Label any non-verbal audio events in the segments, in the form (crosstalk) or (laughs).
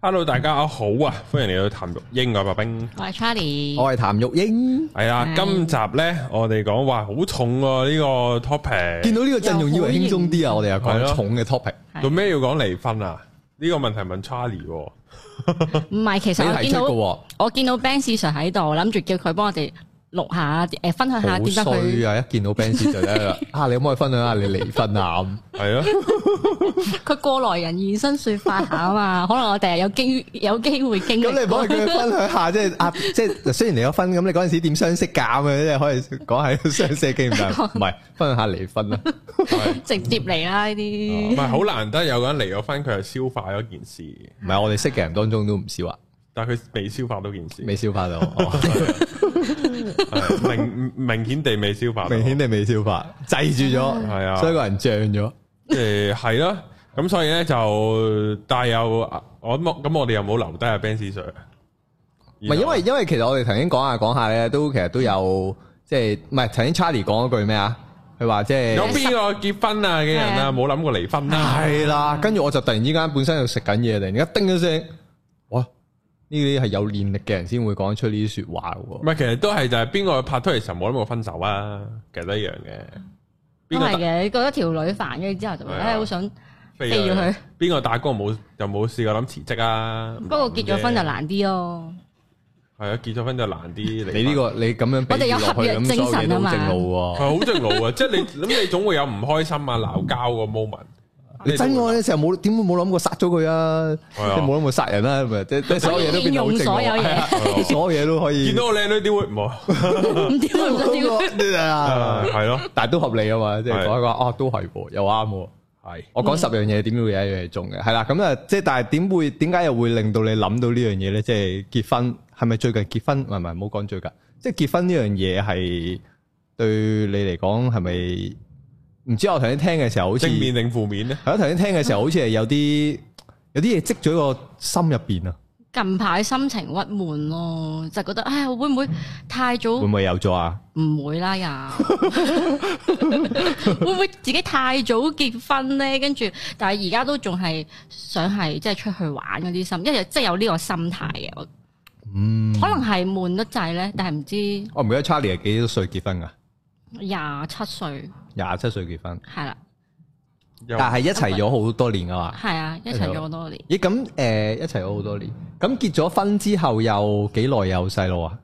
Hello 大家阿好啊，歡迎嚟到談育鷹啊，白兵，我係 Charlie，我係談育鷹，係啊，今集咧我哋講哇好重啊呢個 topic，見到呢個陣容要輕鬆啲啊，我哋又講重嘅 topic，做咩了要講離婚啊？呢、這個問題問 Charlie，唔係， (laughs) 其實我見到我見到 Ben Sir 喺度，諗住叫佢幫我哋。錄下誒、呃，分享下點得佢啊！一見到 Benz Sir 就得啦， (laughs) 啊，你可唔可以分享下你離婚 (laughs) 啊？係啊，佢過來人現身說法下啊嘛，可能我第日有機有機會經歷。咁 (laughs) 你幫佢分享下，即係阿即係雖然離咗婚，咁你嗰陣時點相識噶嘛？即係可以講下相識經歷，唔係 (laughs) 分享下離婚 (laughs) 是啦，直接嚟啦呢啲。唔係，好難得有個人離咗婚，佢係消化咗件事。唔係 (laughs) 我哋識嘅人當中都唔少啊。但佢未消化到件事，未消化到，哦、 (laughs) (laughs) 明明顯地未消，消化，明顯地未消化，滯住咗，係啊，所以個人脹咗，誒係咯，咁所以咧就帶有我咁，咁我哋又冇留低阿 Ben Sir，唔係因為因為其實我哋頭先講下講下咧，都其實都有即係唔係頭先 Charlie 講嗰句咩啊？佢話即係有邊個結婚啊嘅是人啊，冇諗過離婚，啊，係啦是，跟住我就突然之間本身又食緊嘢，突然間突然突然一叮一聲。呢啲係有練力嘅人先會講出呢啲說話嘅。唔係，其實都係就係邊個拍拖嘅時候，冇諗過分手啊，其實一樣嘅。都係嘅，你覺得條女煩咗之後就、啊、唉，好想飛咗佢。邊個打工冇就冇試過諗辭職啊？不過結咗婚就難啲咯，喔。係啊，結咗婚就難啲。你呢個你咁樣俾落去，我哋有合約精神啊嘛。係好正路啊，即係你咁你總會有唔開心啊、鬧交個 moment。你真愛嘅時候冇點會冇諗過殺咗佢啊？即係冇諗過殺人啦，咁啊，即係所有嘢都變咗好正，所有嘢，所有嘢都可以。見到個靚女點會？唔點會唔得呢個？係咯，但係都合理啊嘛，即係講一個啊，都係喎，又啱喎，係。我講十樣嘢，點會有一樣嘢中嘅？係啦，咁啊，即係但係點會？點解又會令到你諗到呢樣嘢咧？即係結婚，係咪最近結婚？唔係唔係，唔好講最近。即係結婚呢樣嘢係對你嚟講係咪？唔知我頭先聽嘅時候好似，正面定負面咧？係咯，我頭先聽嘅時候，好似係有啲有啲嘢積咗喺心入邊啊！近排心情鬱悶咯，就覺得唉，會唔會太早？會唔會有咗啊？唔會啦，又會唔會自己太早結婚咧？跟住，但係而家都仲係想係即係出去玩嗰啲心，一日即係有呢個心態嘅。嗯，可能係悶得滯咧，但係唔知。我，唔記得 Charlie 係幾多歲結婚噶？廿七歲。廿七歲結婚，係啦的，但係一齊咗好多年啊嘛，係啊，一齊咗好多年。咦、欸，咁誒、呃、一齊咗好多年，咁結咗婚之後又幾耐有細路啊？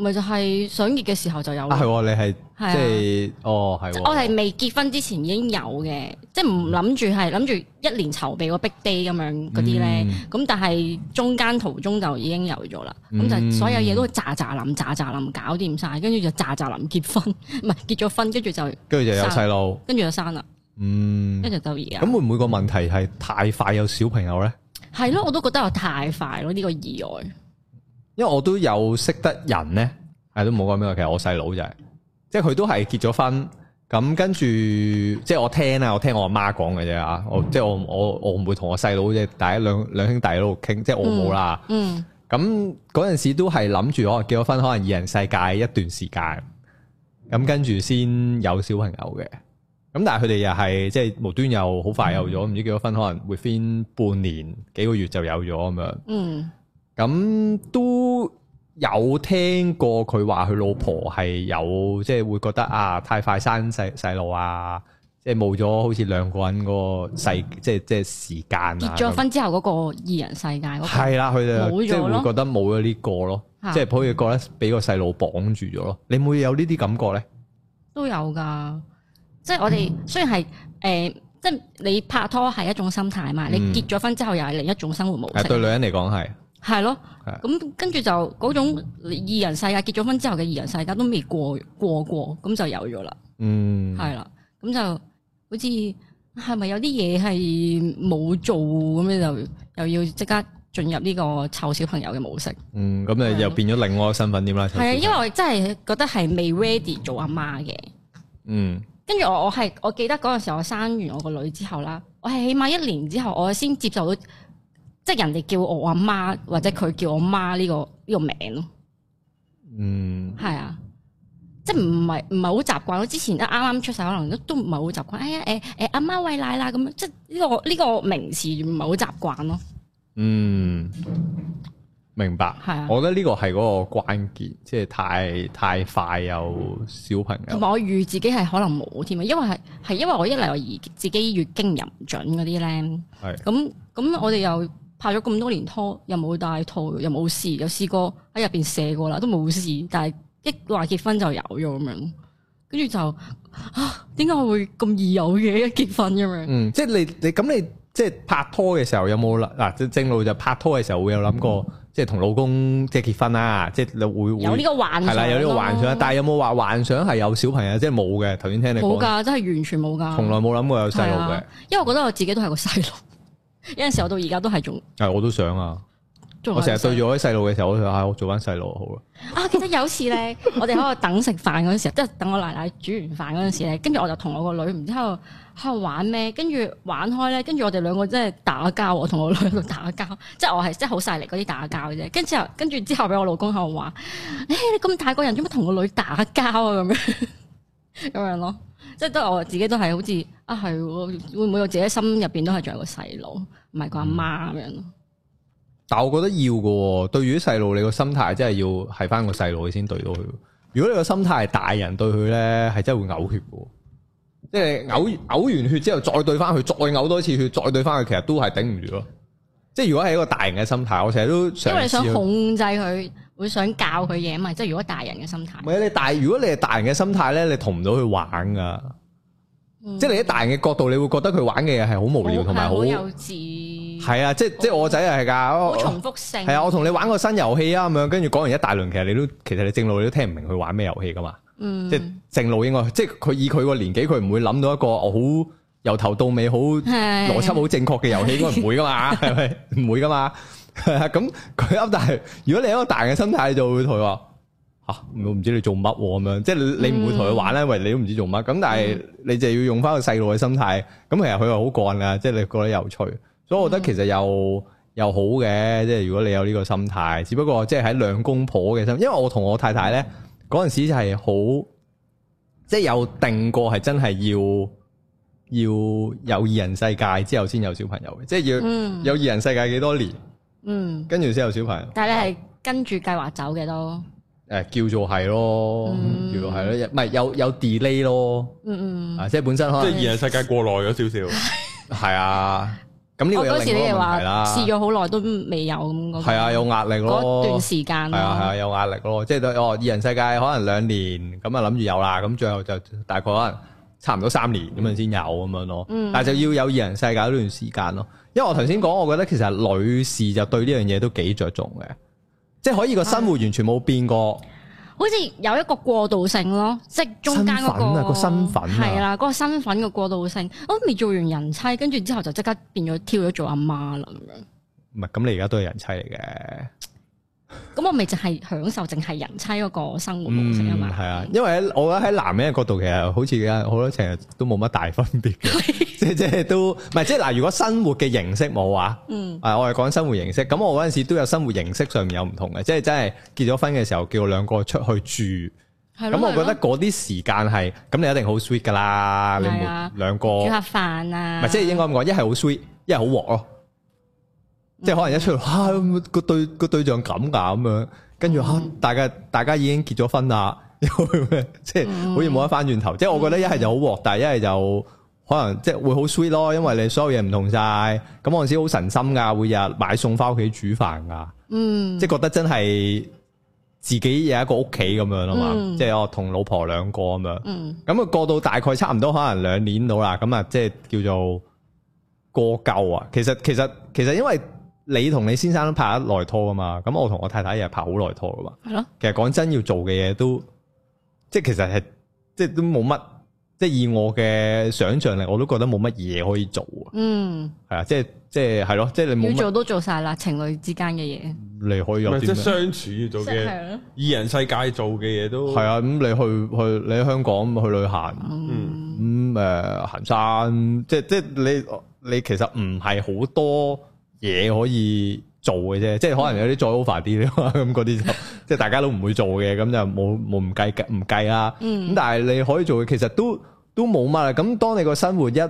咪就係想結嘅時候就有啦。係，你係即係，哦，係。我係未結婚之前已經有嘅，即係唔諗住係諗住一年籌備個 big day 咁樣嗰啲咧。咁但係中間途中就已經有咗啦。咁就所有嘢都喳喳臨，喳喳臨搞掂晒，跟住就喳喳臨結婚。唔係結咗婚，跟住就跟住就有細路，跟住就生啦。嗯，一直到而家。咁會唔會個問題係太快有小朋友咧？係咯，我都覺得係太快咯，呢個意外。因為我都有識得人咧，係都冇講咩。其實我細佬就係、是，即係佢都係結咗婚，咁跟住即係我聽呀，我聽我阿媽講嘅啫嚇。我即係、嗯、我我我唔會同我細佬即係大家兩兩兄弟喺度傾，即係我冇啦、嗯。嗯，咁嗰陣時都係諗住可能結咗婚，可能二人世界一段時間，咁跟住先有小朋友嘅。咁但係佢哋又係即係無端又好快有咗，唔知結咗婚可能會邊半年幾個月就有咗咁樣。嗯。嗯。咁都有聽過佢話佢老婆係有即係、就是、會覺得啊太快生細細路啊，即係冇咗好似兩個人個世即係即係時間。結咗婚之後嗰個二人世界嗰、那個係啦，佢就即係了會覺得冇咗、這個、的呢個咯，即係好似覺得俾個細路綁住咗咯。你會有呢啲感覺咧？都有噶，即係我哋雖然係誒，即係你拍拖係一種心態嘛，你結咗婚之後又係另一種生活模式。嗯、對，對，對女人嚟講係。係囉，咁跟住就嗰種二人世界，結咗婚之後嘅二人世界都未過過過，咁就有咗啦。嗯，係喇，咁就好似係咪有啲嘢係冇做咁樣，就又要即刻進入呢個湊小朋友嘅模式。嗯，咁你又變咗另外個身份點啦？係啊了，了因為我真係覺得係未 ready 做阿媽嘅。嗯。跟住我，我係我記得嗰陣時，我生完我個女之後啦，我係起碼一年之後，我先接受到。即係人哋叫我阿媽，或者佢叫我媽呢個呢個名咯。嗯，係啊，即係唔係唔係好習慣。之前啱啱出世，可能都都唔係好習慣。哎呀，誒誒，阿媽喂奶啦咁樣，即係呢個呢個名詞唔係好習慣咯。嗯，明白。係啊，我覺得呢個係嗰個關鍵，即係太太快有小朋友。同埋我預自己係可能冇添啊，因為係係因為我一嚟，我而自己月經又唔準嗰啲咧。係。咁咁我哋又。拍咗咁多年拖，又冇戴套，又冇事，又試過喺入邊射過啦，都冇事。但係一話結婚就有咗咁樣，跟住就啊，點解會咁易有嘅一結婚咁樣？嗯，即係你你咁你即係拍拖嘅時候有冇諗嗱？正路就拍拖嘅時候會有諗過，即係同老公即係結婚啦，啊，即係你會，會有呢個幻想啦，有呢個幻想。但係有冇話幻想係有小朋友？即係冇嘅。頭先聽你講冇㗎，真係完全冇㗎。從來冇諗過有細路嘅，因為我覺得我自己都係個細路。有陣時我到而家都係仲，係、嗯、我都想啊！我成日對住我啲細路嘅時候，我都話我做翻細路好啦。啊，記得有次咧，我哋喺度等食飯嗰陣時候，即係 (laughs) 等我奶奶煮完飯嗰陣時咧，跟住我就同我個女唔知喺度喺度玩咩？跟住玩開咧，跟住我哋兩個真係打交，我同我女喺度打交，即係我係即係好犀利嗰啲打交嘅啫。跟住，跟住之後俾我老公喺度話：誒、欸，你咁大個人，做乜同個女打交啊？咁樣，咁樣咯。即係都我自己都係好似啊係，會唔會我自己心入邊都係仲有個細路，唔係個阿媽咁樣咯？但係我覺得要嘅，對於啲細路，你個心態真係要係翻個細路佢先對到佢。如果你個心態係大人對佢咧，係真係會嘔血嘅。即係嘔嘔完血之後再對翻佢，再嘔多一次血再對翻佢，其實都係頂唔住咯。即係如果係一個大人嘅心態，我成日都想因為想控制佢。會想教佢嘢啊嘛，即係如果大人嘅心態。唔係你大如果你係大人嘅心態咧，你同唔到佢玩噶。即係你喺大人嘅角度，你會覺得佢玩嘅嘢係好無聊，同埋好幼稚。係啊，即係即係我仔係㗎。好重複性。係啊，我同你玩個新遊戲啊咁樣，跟住講完一大輪，其實你都其實你正路你都聽唔明佢玩咩遊戲噶嘛。嗯。即係正路應該，即係佢以佢個年紀，佢唔會諗到一個好由頭到尾好邏輯好正確嘅遊戲，應該唔會㗎嘛，係咪？唔會㗎嘛。咁佢，但係 (laughs) 如果你喺個大嘅心態，就會同佢話吓，我、啊、唔知你做乜咁樣，即係你唔會同佢玩咧，嗯、因為你都唔知做乜。咁但係你就要用翻個細路嘅心態。咁其實佢係好干噶，即係你覺得有趣。所以我覺得其實又又好嘅，即係如果你有呢個心態。只不過即係喺兩公婆嘅心，因為我同我太太咧嗰陣時就係好，即係有定過係真係要要有二人世界之後先有小朋友，嘅。即係要有二人世界幾多年。嗯 (laughs) 嗯，跟住先有小朋友。但係你係跟住計劃走嘅都，誒、嗯，叫做係咯，嗯、叫做係咯，唔係有有 delay 咯，嗯嗯，即係本身可能，即係二人世界過耐咗少少，係 (laughs) 啊，咁呢個又另一個問題啦。試咗好耐都未有咁，那個，係啊，有壓力咯。嗰段時間係啊係啊，有壓力咯，即係都哦二人世界可能兩年咁啊諗住有啦，咁最後就大概可能差唔多三年咁樣先有咁樣咯。嗯、但係就要有二人世界嗰段時間咯。因為我頭先講，我覺得其實女士就對呢樣嘢都幾着重嘅，即係可以個生活完全冇變過，哎、好似有一個過渡性咯，即係中間嗰、嗰個、身份、啊，係啦，嗰個身份嘅、啊嗰個、過渡性，我未做完人妻，跟住之後就即刻變咗挑咗做阿媽啦，咁樣。唔係，咁你而家都係人妻嚟嘅。咁我咪就係享受，淨係人妻嗰個生活模式啊嘛。係啊，因為喺我喺男人嘅角度，其實好似而家好多情人都冇乜大分別。即係即係都唔係，即係嗱，如果生活嘅形式冇啊，嗯，啊，我係講生活形式。咁我嗰陣時都有生活形式上面有唔同嘅，即係真係結咗婚嘅時候，叫我兩個出去住。咁我覺得嗰啲時間係，咁你一定好 sweet 噶啦，你哋兩個煮下飯啊。唔係，即係應該咁講，一係好 sweet，一係好鑊咯。即係可能一出嚟，個、嗯啊、對個對象咁噶咁樣，跟住吓大家、嗯、大家大家已經結咗婚啦，嗯、 (laughs) 即係好似冇得翻轉頭。嗯、即係我覺得一係就好鑊，但係一係就可能即係會好 sweet 咯，因爲你所有嘢唔同晒。咁我嗰時好神心噶，會日買餸翻屋企煮飯噶，嗯、即係覺得真係自己有一個屋企咁樣啊嘛。嗯、即係我同老婆兩個咁樣。咁啊、嗯嗯、過到大概差唔多可能兩年到啦。咁啊即係叫做過夠啊。其實其實其實因爲。你同你先生都拍咗耐拖啊嘛，咁我同我太太又係拍好耐拖噶嘛。係咯的。其實講真，要做嘅嘢都，即係其實係，即係都冇乜，即係以我嘅想象力，我都覺得冇乜嘢可以做。嗯。係啊，即係即係係咯，即係你做都做晒啦，情侶之間嘅嘢。你可以有啲咩？即係相處要做嘅，二、 (laughs) 就是、人世界做嘅嘢都係啊。咁你去去你喺香港去旅行，咁誒、嗯嗯呃、行山，即係即係你你其實唔係好多。嘢可以做嘅啫，即係可能有啲再 over 啲咁嗰啲就，即係大家都唔會做嘅，咁就冇冇唔計計唔計啦。咁但係你可以做嘅，其實都都冇乜啦。咁當你個生活一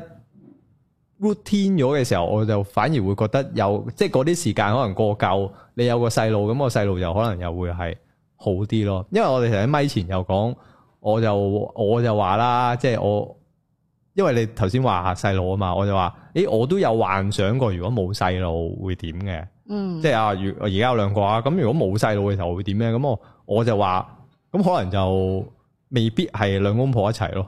routine 咗嘅時候，我就反而會覺得有，即係嗰啲時間可能過夠。你有個細路，咁個細路又可能又會係好啲咯。因為我哋成日喺咪前又講，我就我就話啦，即係我。因為你頭先話細路啊嘛，我就話，誒、欸，我都有幻想過如、嗯啊如，如果冇細路會點嘅，嗯，即係啊，如而家有兩個啊，咁如果冇細路嘅時候會點咧？咁我我就話，咁可能就未必係兩公婆一齊咯，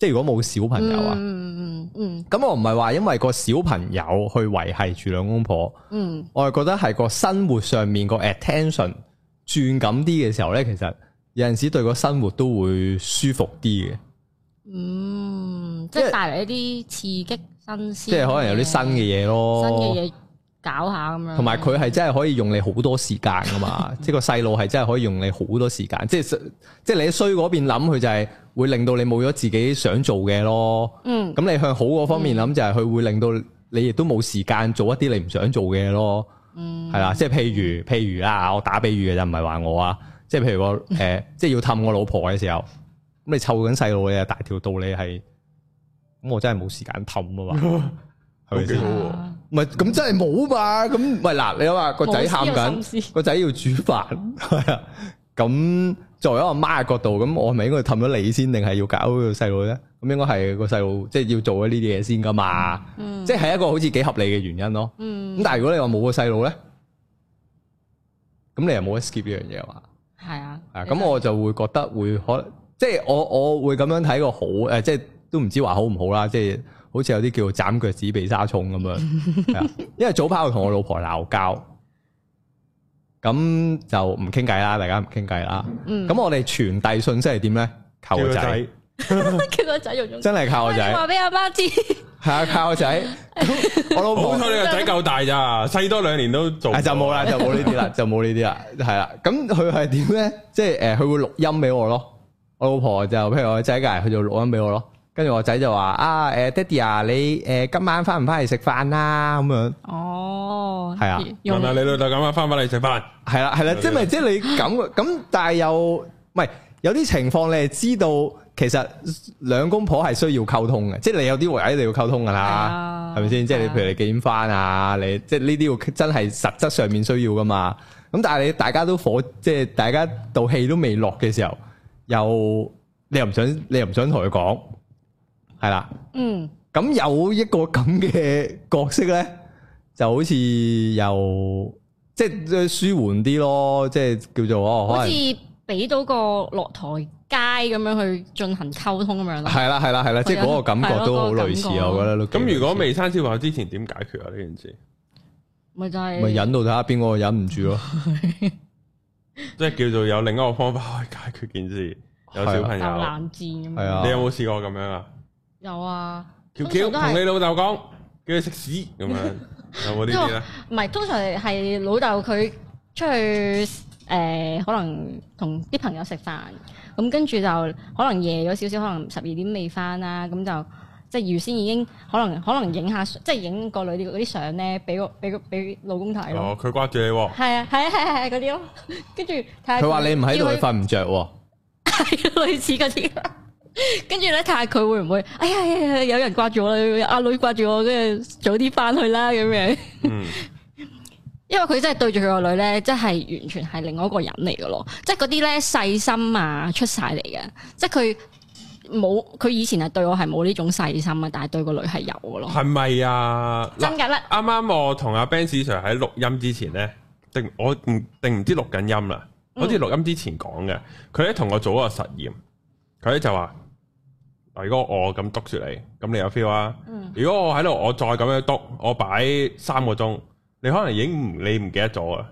即係如果冇小朋友啊，嗯嗯嗯，咁我唔係話因為個小朋友去維繫住兩公婆，嗯，我係、嗯、覺得係個生活上面個 attention 轉緊啲嘅時候咧，其實有陣時對個生活都會舒服啲嘅，嗯。即係帶嚟一啲刺激新鮮，即係可能有啲新嘅嘢咯，新嘅嘢搞下咁樣。同埋佢係真係可以用你好多時間噶嘛， (laughs) 即係個細路係真係可以用你好多時間。即係即係你喺衰嗰邊諗，佢就係會令到你冇咗自己想做嘅咯。嗯，咁你向好嗰方面諗，就係佢會令到你亦都冇時間做一啲你唔想做嘅嘢咯。嗯，係啦，即係譬如譬如啦，我打比喻嘅就唔係話我啊，即係譬如我誒、呃，即係要氹我老婆嘅時候，咁你湊緊細路嘅大條道理係。咁我真係冇時間氹啊嘛，係咪先？唔係咁真係冇嘛？咁唔係嗱，你話個仔喊緊，個仔要煮飯，係啊、嗯。咁作為阿媽嘅角度，咁我咪應該氹咗你先，定係要搞個細路咧？咁應該係個細路，即係要做咗呢啲嘢先噶嘛。即係、嗯、一個好似幾合理嘅原因咯。嗯。咁但係如果你話冇個細路咧，咁你又冇 escape 呢樣嘢啊嘛？係啊、嗯。啊、嗯、咁、嗯、我就會覺得會可能，即、就、係、是、我我，我，我會咁樣睇個好誒，即、呃、係。就是都唔知話好唔好啦，即係好似有啲叫斬腳趾避沙蟲咁樣。 (laughs) 因為早排我同我老婆鬧交，咁就唔傾偈啦，大家唔傾偈啦。咁、嗯、我哋傳遞信息係點咧？求個仔，靠個仔真係靠個仔。話俾阿媽知，係啊，靠個仔。 (laughs) 我老婆好彩，個仔夠大咋，細多兩年都做 (laughs) 就，就冇啦，就冇呢啲啦，就冇呢啲啦，係啦。咁佢係點咧？即係誒，佢會錄音俾我咯。我老婆就譬如我仔隔日，佢就錄音俾我咯。跟住我仔就話啊，誒，爹哋啊，你誒、呃、今晚翻唔翻嚟食飯啊？咁樣哦，係啊，問下你老豆今晚翻唔翻嚟食飯？係啦係啦，即係即係你咁咁？但係又唔係有啲情況你係知道，其實兩公婆係需要溝通嘅，即係你有啲位一你要溝通噶啦，係咪先？即係你譬如你幾點翻啊？你即係呢啲要真係實質上面需要噶嘛？咁但係你大家都火，即係大家度氣都未落嘅時候，又你又唔想你又唔想同佢講。係啦，嗯，咁有一個咁嘅角色咧，就好似又即係舒緩啲咯，即係叫做哦，好似俾到個落台階咁樣去進行溝通咁樣啦。係啦，係啦，係啦，即係嗰個感覺都好類似，我覺得都。咁如果未生小朋友之前點解決啊呢件事？咪就係咪忍到睇下邊個忍唔住咯？即係 (laughs) 叫做有另一個方法去解決件事。有小朋友冷戰咁樣，你有冇試過咁樣啊？有啊，喬喬同你老豆講叫佢食屎咁樣，有冇呢啲唔係，通常係老豆佢出去誒、呃，可能同啲朋友食飯，咁跟住就可能夜咗少少，可能十二點未返啦，咁、嗯、就即係預先已經可能可能影下即係影個女啲相咧，俾個俾俾老公睇哦，佢掛住你喎、哦。係啊，係啊，係係係嗰啲咯，跟住。佢話你唔喺度，佢瞓唔着喎、啊。係 (laughs) 類似嗰啲。跟住咧睇下佢會唔會，哎呀，有人掛住我啦，阿女掛住我，跟住早啲翻去啦咁樣。嗯、因為佢真係對住佢個女咧，真係完全係另外一個人嚟噶咯，即係嗰啲咧細心啊出晒嚟嘅，即係佢冇，佢以前係對我係冇呢種細心啊，心但係對個女係有噶咯。係咪啊？真噶啦！啱啱我同阿 Benz Sir 喺錄音之前咧，定我唔定唔知錄緊音啦，嗯、好似錄音之前講嘅，佢喺同我做一個實驗，佢就話。如果我咁督住你，咁你有 feel 啊？嗯、如果我喺度，我再咁樣督，我擺三個鐘，你可能已經你唔記得咗喇！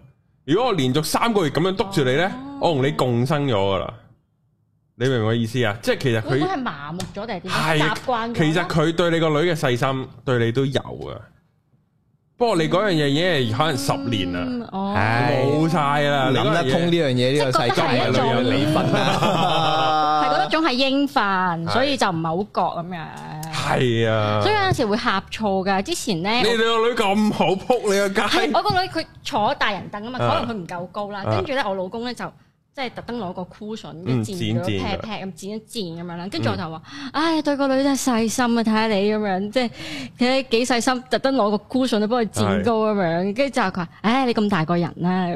如果我連續三個月咁樣督住你咧，哦、我同你共生咗噶啦，嗯、你明唔明我意思啊？即係其實佢係麻木咗定係點？是習慣。其實佢對你個女嘅細心，對你都有啊。不過你嗰樣嘢，已經係可能十年啦，冇晒啦，諗得通呢樣嘢，呢個世界，你又離婚，係嗰一種係英範，所以就唔係好覺咁樣。係啊，所以有陣時會呷醋噶。之前咧，你你個女咁好扑你個家，我個女佢坐大人凳啊嘛，可能佢唔夠高啦。跟住咧，我老公咧就。即係特登攞個 cushion，一剪咗劈劈咁剪一剪咁樣啦。跟住我就話，唉，對個女真係細心啊，睇下你咁樣，即係佢幾細心，特登攞個 cushion 去幫佢剪高咁樣。跟住就佢話，唉，你咁大個人啦，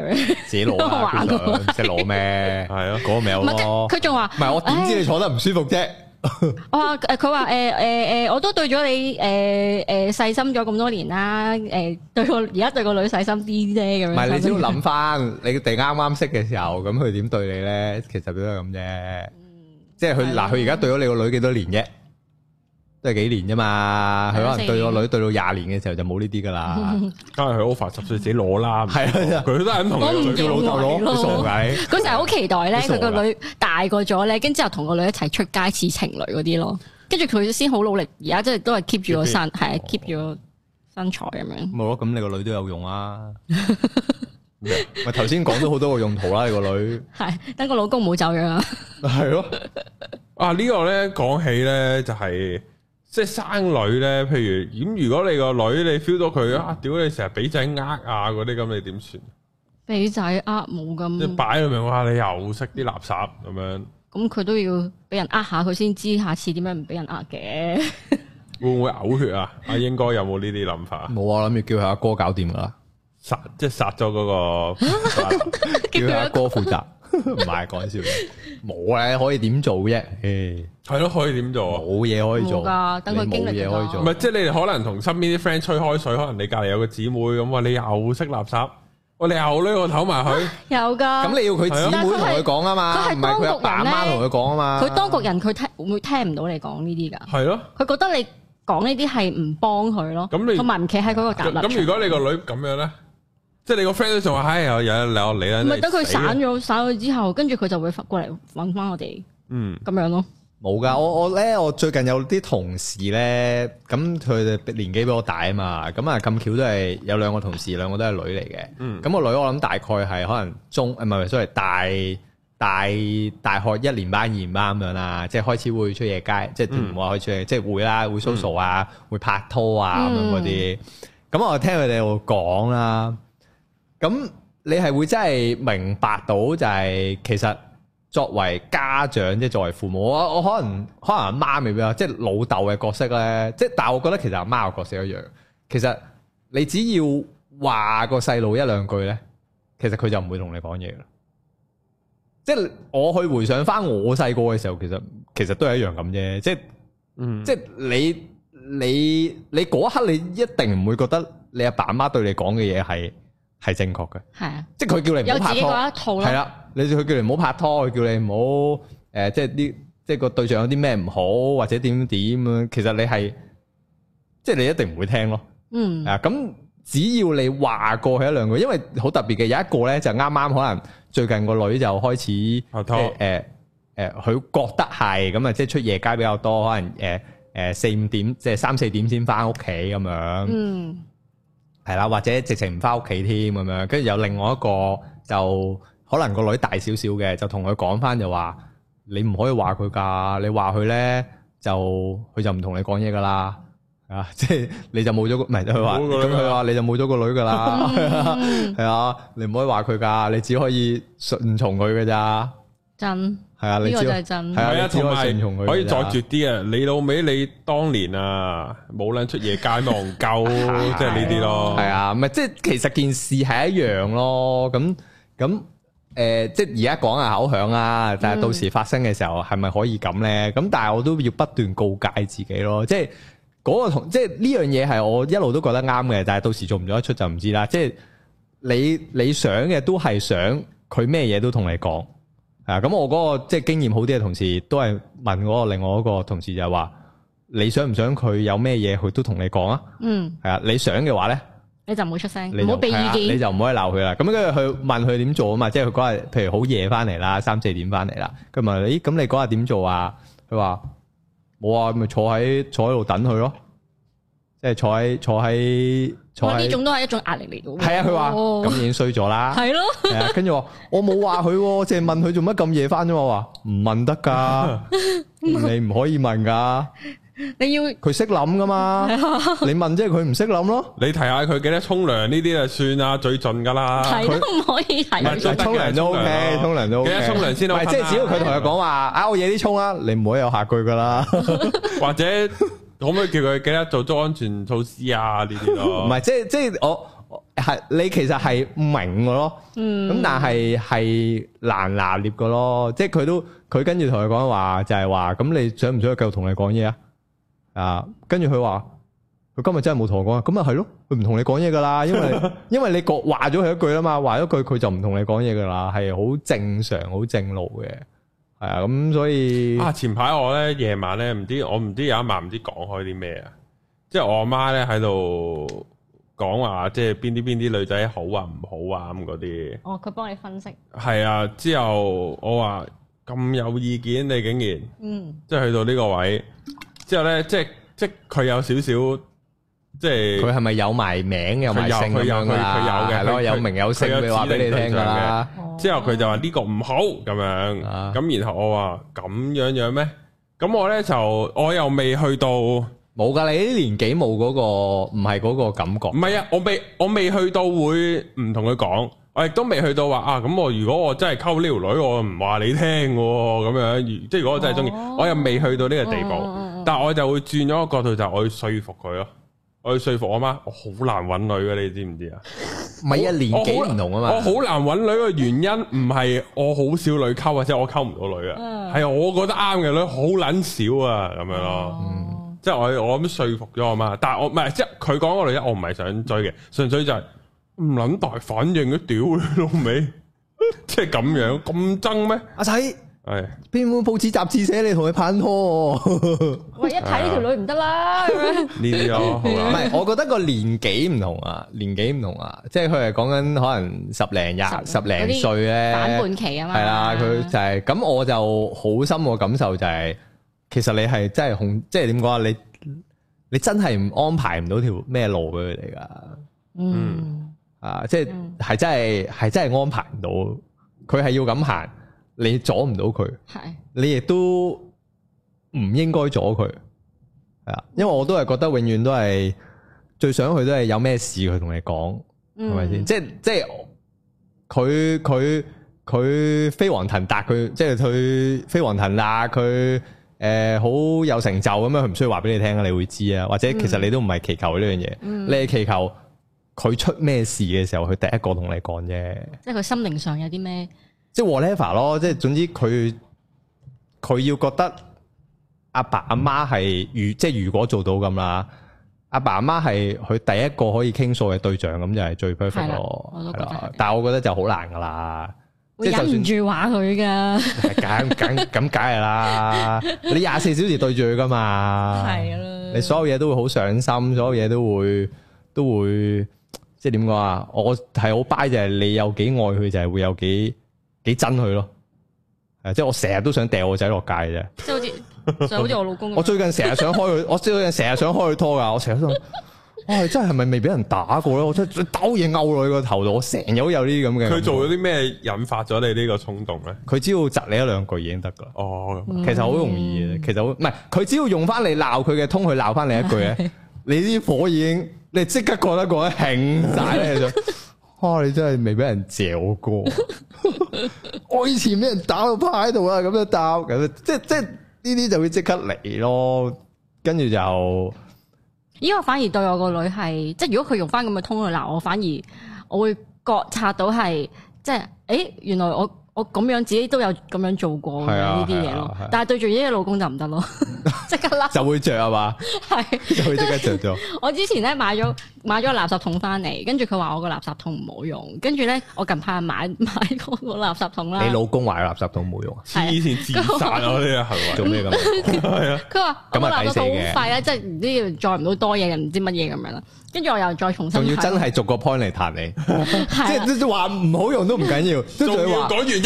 自己攞啊，即係攞咩？係咯，嗰個名咯。佢仲話，唔係我點知你坐得唔舒服啫。我誒，佢話誒誒誒，我都對咗你誒誒細心咗咁多年啦，誒、欸、對個而家，對個女細心啲啫。咁是樣。唔係， (laughs) 你只要諗翻你哋啱啱識嘅時候，咁佢點對你咧？其實都係咁啫，即係佢嗱，佢而家對咗你個女幾多年啫。 (laughs) (laughs) 即係幾年啫嘛，佢可能對個女對到廿年嘅時候就冇呢啲噶啦，梗係佢 over 十歲自己攞啦。係啊，佢都係咁同佢叫老豆攞，佢就係好期待咧，佢個女大個咗咧，跟住之後同個女一齊出街似情侶嗰啲咯。跟住佢先好努力，而家即係都係 keep 住個身，係 keep 住個身材咁樣。冇咯，咁你個女都有用啊！咪頭先講咗好多個用途啦，你個女係等個老公唔好走樣啊！係咯，啊呢個咧講起咧就係。即係生女咧，譬如咁，如果你個女你 feel 到佢、嗯、啊，屌你成日俾仔呃啊，嗰啲咁你點算？俾仔呃冇咁，即係擺佢明，哇！你又識啲垃圾咁樣，咁佢、嗯、都要俾人呃下，佢先知下次點樣唔俾人呃嘅。 (laughs) 會唔會嘔血啊？阿、啊、英哥有冇呢啲諗法啊？冇啊，諗住叫佢阿哥搞掂噶啦，殺即係殺咗嗰個， (laughs) (laughs) 叫佢阿哥負責。唔係講笑，冇咧，可以點做啫？係咯，可以點做啊？冇嘢可以做噶，等佢經歷啊嘛。冇嘢可以做，唔係即係你可能同身邊啲 friend 吹開水，可能你隔籬有個姊妹咁話你又識垃圾，我你又呢個唞埋佢。有噶，咁你要佢姊妹同佢講啊嘛，唔係佢爸媽同佢講啊嘛。佢當局人，佢聽會聽唔到你講呢啲噶。係咯，佢覺得你講呢啲係唔幫佢咯。咁你同埋唔企喺佢個隔籬。咁如果你個女咁樣咧？即係你個 friend 都仲話，唉、哎，有有嚟嚟啊！唔係等佢散咗散咗之後，跟住佢就會發過嚟揾翻我哋，嗯，咁樣咯。冇噶，我我咧，我最近有啲同事咧，咁佢哋年紀比我大啊嘛，咁啊咁巧都係有兩個同事，兩個都係女嚟嘅，嗯，咁個女我諗大概係可能中唔係，所謂大大大學一年班、二年班咁樣啦，即係開始會出夜街，嗯、即係唔話可以出，即係會啦，會 social 啊，會拍拖啊咁樣嗰啲。咁、嗯嗯、我聽佢哋會講啦。咁你係會真係明白到就係其實，作為家長，即係作為父母，我我可能可能阿媽未必啊，即係老豆嘅角色咧，即係但係我覺得其實阿媽嘅角色一樣。其實你只要話個細路一兩句咧，其實佢就唔會同你講嘢啦。即係我去回想翻我細個嘅時候，其實其實都係一樣咁啫。即係，嗯，即係你你你嗰刻你一定唔會覺得你阿爸阿媽對你講嘅嘢係係正確嘅，係啊，即係佢叫你唔好拍拖，係啦，你佢、啊、叫你唔好拍拖，佢叫你唔好誒，即係啲即係個對象有啲咩唔好，或者點點，其實你係即係你一定唔會聽咯，嗯，啊，咁只要你話過去一兩句，因為好特別嘅，有一個咧就啱啱可能最近個女就開始，拍拖。誒誒、呃，佢、呃呃、覺得係咁啊，即係出夜街比較多，可能誒誒、呃呃、四五點即係三四點先翻屋企咁樣，嗯。係啦，或者直情唔翻屋企添咁樣。跟住有另外一個就可能個女大少少嘅，就同佢講翻就話你唔可以話佢噶，你，你話佢咧就佢就唔同你講嘢噶啦，啊，即係你就冇咗個，唔係，佢話咁佢話你就冇咗個女噶啦，係 (laughs) 啊，你唔可以話佢噶，你只可以順從佢噶咋。真係啊！呢個真係真，係啊，同埋可以再絕啲啊！你老味，你當年啊，冇諗出夜街望救，即係呢啲咯。係啊，唔係即係其實件事係一樣咯。咁咁誒，即係而家講下口響啊，但係到時發生嘅時候係咪可以咁咧？咁但係我都要不斷告誡自己咯，即係嗰個同即係呢樣嘢係我一路都覺得啱嘅，但係到時做唔做得出就唔知啦。即係你你想嘅都係想佢咩嘢都同你講。啊，咁我嗰個即係經驗好啲嘅同事，都係問嗰個另外一個同事就係話，你想唔想佢有咩嘢佢都同你講啊？嗯，係啊，你想嘅話咧，你就唔好出聲，唔好俾意見，你就唔可以鬧佢啦。咁跟住佢問佢點做啊嘛，即係佢嗰日譬如好夜翻嚟啦，三四點翻嚟啦，佢問你，咁你嗰日點做啊？佢話冇啊，咪坐喺坐喺度等佢咯，即係坐喺坐喺。我呢種都係一種壓力嚟嘅。係啊，佢話咁已經衰咗啦。係咯，跟住我，我冇話佢，我淨係問佢做乜咁夜返啫。我話唔問得噶，你唔可以問噶。你要佢識諗噶嘛？你問即係佢唔識諗咯。你提下佢記得沖涼呢啲啊？算啦，最盡噶啦。提都唔可以提，沖涼都 OK，沖涼都 OK，記得沖涼先。唔係，即係只要佢同佢講話，啊，我夜啲沖啊，你唔好有下句噶啦，或者。可唔可以叫佢記得做足安全措施啊？呢啲咯，唔係即係即係我係你其實係唔明嘅咯，咁、嗯、但係係難拿捏嘅咯，即係佢都佢跟住同佢講話就係話咁你想唔想繼續同你講嘢啊？啊，跟住佢話佢今日真係冇同我講，咁啊係咯，佢唔同你講嘢噶啦，因為 (laughs) 因為你講話咗佢一句啊嘛，話咗句佢就唔同你講嘢噶啦，係好正常好正路嘅。誒，咁、嗯、所以啊，前排我咧夜晚咧唔知，我唔知有一晚唔知講開啲咩啊，即係我阿媽咧喺度講話，即係邊啲邊啲女仔好、啊、好啊，唔好啊咁嗰啲。哦，佢幫你分析。係啊，之後我話咁有意見，你竟然，嗯，即係去到呢個位，之後咧，即係即佢有少少。即係佢係咪有埋名有埋姓咁樣啦？佢有嘅，咯，有名有姓，佢話俾你聽咁樣。之後佢就話呢個唔好咁樣。咁然後我話咁樣樣咩？咁我咧就我又未去到冇噶，你啲年紀冇嗰個唔係嗰個感覺。唔係啊，我未我未去到會唔同佢講，我亦都未去到話啊。咁我如果我真係溝呢條女，我唔話你聽嘅咁樣。即係如果我真係中意，我又未去到呢個地步，但係我就會轉咗個角度，就我要說服佢咯。我要說服我媽，我好難揾女嘅，你知唔知啊？唔係啊，年紀唔同啊嘛。我好難揾女嘅原因唔係我好少女溝，或者我溝唔到女啊。係、嗯、我覺得啱嘅女好撚少啊，咁樣咯、哦。即係我我咁說服咗我媽，但係我唔係，即係佢講個女仔我唔係想追嘅，純粹就係唔撚大反應嘅屌佢老味， (laughs) 即係咁樣咁憎咩？阿仔。係，邊本報紙雜誌寫你同佢拍拖？ (laughs) 喂，一睇呢條女唔得啦咁樣，年咗，唔係，我覺得個年紀唔同啊，年紀唔同啊，即係佢係講緊可能十零廿十零歲咧，歲呢反叛期啊嘛，係啦，佢就係、是、咁， (laughs) 我就好深個感受就係、是，其實你係真係控，即係點講啊，你你真係唔安排唔到條咩路俾佢哋噶，嗯，嗯，啊，即係係真係係真係安排唔到，佢係要咁行。你阻唔到佢，係是的 你亦都唔應該阻佢，係啊，因為我都係覺得永遠都係最想佢都係有咩事佢同你講，係咪先？即係即係佢佢佢飛黃騰達，佢即係佢飛黃騰達，佢誒好有成就咁樣，佢唔需要話俾你聽，你會知啊。或者其實你都唔係祈求呢樣嘢，嗯、你係祈求佢出咩事嘅時候，佢第一個同你講啫。即係佢心靈上有啲咩？即係 whatever 咯，即係總之佢佢要覺得阿爸阿媽係如、嗯、即係如果做到咁啦，阿爸阿媽係佢第一個可以傾訴嘅對象，咁就係最 perfect 咯。我都覺得，但係我覺得就好難噶啦，即係忍唔住話佢噶。梗梗咁梗係啦，你廿四小時對住佢噶嘛。係啦，你所有嘢都會好上心，所有嘢都會都會即係點講啊？我係好 buy 就係你有幾愛佢就係、是、會有幾幾憎佢咯，係即係我成日都想掉我仔落街啫，即係好似好似我老公我。我最近成日想開佢，我最近成日想開佢拖噶，我成日都，哇！你真係咪未俾人打過咧？我真係兜嘢勾落你個頭度，我成日都有啲咁嘅。佢做咗啲咩引發咗你個衝呢個衝動咧？佢只要窒你一兩句已經得噶。哦其，其實好容易嘅，其實唔係，佢只要用翻你鬧佢嘅通去鬧翻你一句咧，的你啲火已經，你即刻覺得覺得興晒咧。啊、你真係未俾人嚼過？ (laughs) (laughs) 我以前俾人打到趴喺度啊，咁樣打，咁即即呢啲就會即刻嚟咯，跟住就，依家反而對我個女係，即如果佢用翻咁嘅通氣，啦，我反而我會覺察到係，即誒、欸，原來我。我咁樣自己都有咁樣做過呢啲嘢咯，啊啊啊啊、但係對住自己老公就唔得咯，即 (laughs) 刻 (laughs) 就會着啊嘛？係，就會即刻着咗。我之前咧買咗買咗個垃圾桶翻嚟，跟住佢話我，垃我個垃圾桶唔好用，跟住咧我近排又買買個垃圾桶啦。你老公話垃圾桶冇用，黐線自殺咗呢樣係做咩咁？係啊，佢話咁啊，垃圾桶好快咧，即係唔知要載唔到多嘢，又唔知乜嘢咁樣啦。跟住我又再重新，仲要真係逐個 point 嚟彈你，即係都話唔好用都唔緊要，仲要講原因，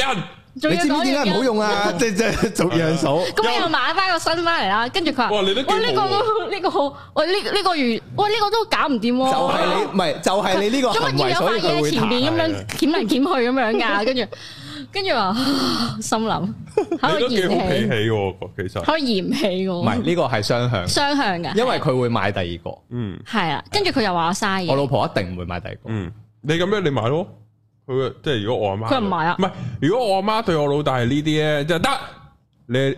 仲要講原因唔好用啊！即即係逐樣數，咁你又買翻個新翻嚟啦。跟住佢話，哇呢個都呢個好，我呢呢個如我呢個都搞唔掂。就係你，唔係就係你呢個做乜要有所嘢喺前面咁樣撿嚟撿去咁樣噶，跟住。跟住話心諗，可以嫌棄嘅其實，可以嫌棄嘅，唔係呢個係雙向雙向噶，因為佢會買第二個，嗯，係啦，跟住佢又話我嘥嘢。我老婆一定唔會買第二個，嗯，你咁樣你買咯，佢即係如果我阿媽，佢唔買啊，唔係如果我阿媽對我老豆係呢啲咧，即係得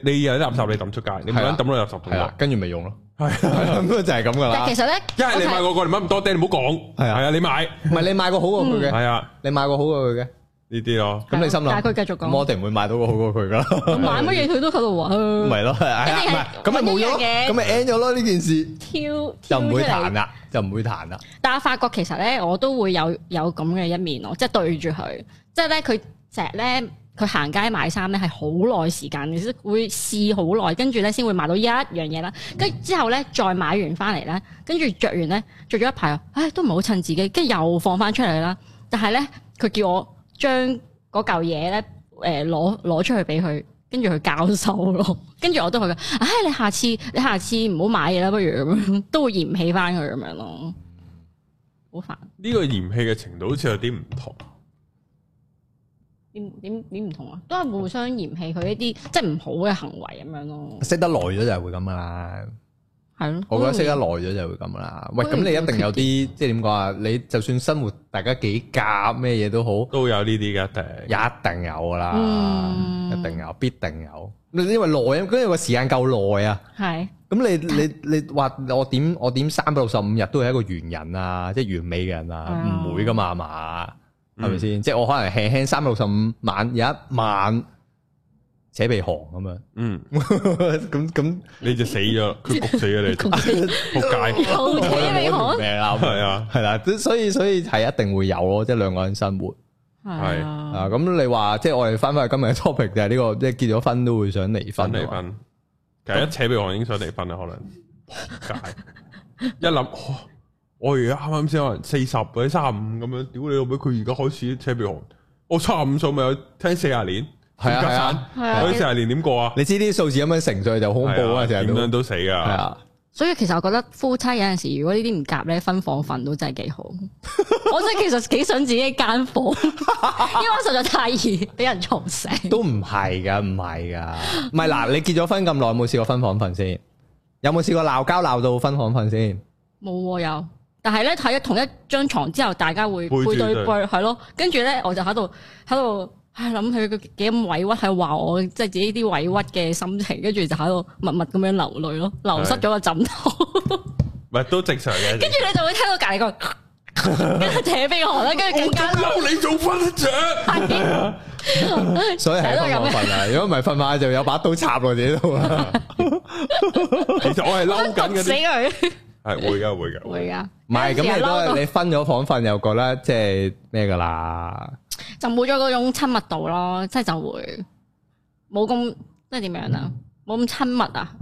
你你有啲垃圾你抌出街，你唔想抌到垃圾桶，跟住咪用咯，係啊，就係咁噶啦。但其實咧，因為你買個個你買咁多爹，你唔好講，係啊，係啊，你買，唔係你買個好過佢嘅，係啊，你買個好過佢嘅。呢啲咯，咁你心諗，但係佢繼續講，我一定會買到個好過佢噶。買乜嘢佢都喺度話，唔係咯，係啊，唔係咁咪冇嘢嘅。咁咪 end 咗咯呢件事，挑，就唔會彈啦，就唔會彈啦。但係發覺其實咧，我都會有有咁嘅一面咯，即係對住佢，即係咧佢成日咧佢行街買衫咧係好耐時間，會試好耐，跟住咧先會買到一樣嘢啦。跟住之後咧再買完翻嚟咧，跟住着完咧着咗一排，唉都唔係好襯自己，跟住又放翻出嚟啦。但係咧佢叫我。將嗰嚿嘢咧，誒，攞攞出去俾佢，跟住佢交收咯。跟住我都去佢，唉、哎，你下次你下次唔好買嘢啦，不如咁樣，都會嫌棄翻佢咁樣咯，好煩。呢個嫌棄嘅程度好似有啲唔同，點點點唔同啊？都係互相嫌棄佢一啲即係唔好嘅行為咁樣咯。識得耐咗就係會咁噶啦。係咯，我覺得識得耐咗就會咁啦。喂，咁你一定有啲，有即係點講啊？你就算生活大家幾夾，咩嘢都好，都有呢啲噶，定一定有噶啦，嗯、一定有，必定有。你因為耐，咁因為個時間夠耐啊。係的。咁你你你話我點我點三百六十五日都係一個完人啊，即、就、係、是、完美嘅人啊，唔、啊、會噶嘛，係咪先？即係我可能輕輕三百六十五晚有一晚。扯鼻鼾咁樣，嗯，咁咁 (laughs) 那你就死咗，佢 (laughs) 焗死咗你，扑 (laughs) 死 (laughs) 街，好扯鼻鼾， (laughs) 命啊，係啊，係啦，所以所以係一定會有咯，即係兩個人生活，係啊，咁、啊嗯、你話即係我哋翻翻去今日嘅 topic 就係、是、呢、這個，即係結咗婚都會想離婚，離婚，其實一扯鼻鼾已經想離婚啦，可能扑街， (laughs) (laughs) 一諗我而家啱啱先可能四十或者卅五咁樣，屌你老母，佢而家開始扯鼻鼾，我卅五歲咪有聽四廿年。係啊，所以成日年點過啊？你知啲數字咁樣乘上去就恐怖啊！成日咁樣都死噶。係啊，所以其實我覺得夫妻有陣時如果呢啲唔夾咧，分房瞓都真係幾好。我真係其實幾想自己一間房，因為我實在太易俾人吵醒。都唔係噶，唔係噶，唔係嗱。你結咗婚咁耐，有冇試過分房瞓先？有冇試過鬧交鬧到分房瞓先？冇有，但係咧喺同一張床之後，大家會背對背，係咯。跟住咧，我就喺度喺度。係諗佢個幾咁委屈，係話我即係自己啲委屈嘅心情，跟住就喺度默默咁樣流淚咯，流失咗個枕頭，唔係都正常嘅。跟住你就會聽到隔籬個跟住扯鼻鼾啦，跟住更加。我嬲你做婚者，所以係太過分啦。如果唔係瞓下就有把刀插落自己度啦。其實我係嬲緊嘅。死佢！係會噶會噶會噶唔係咁你覺得你分咗房瞓又覺得即係咩噶啦？就冇咗嗰種親密度咯，即係就會冇咁即係點樣啊？冇咁親密啊？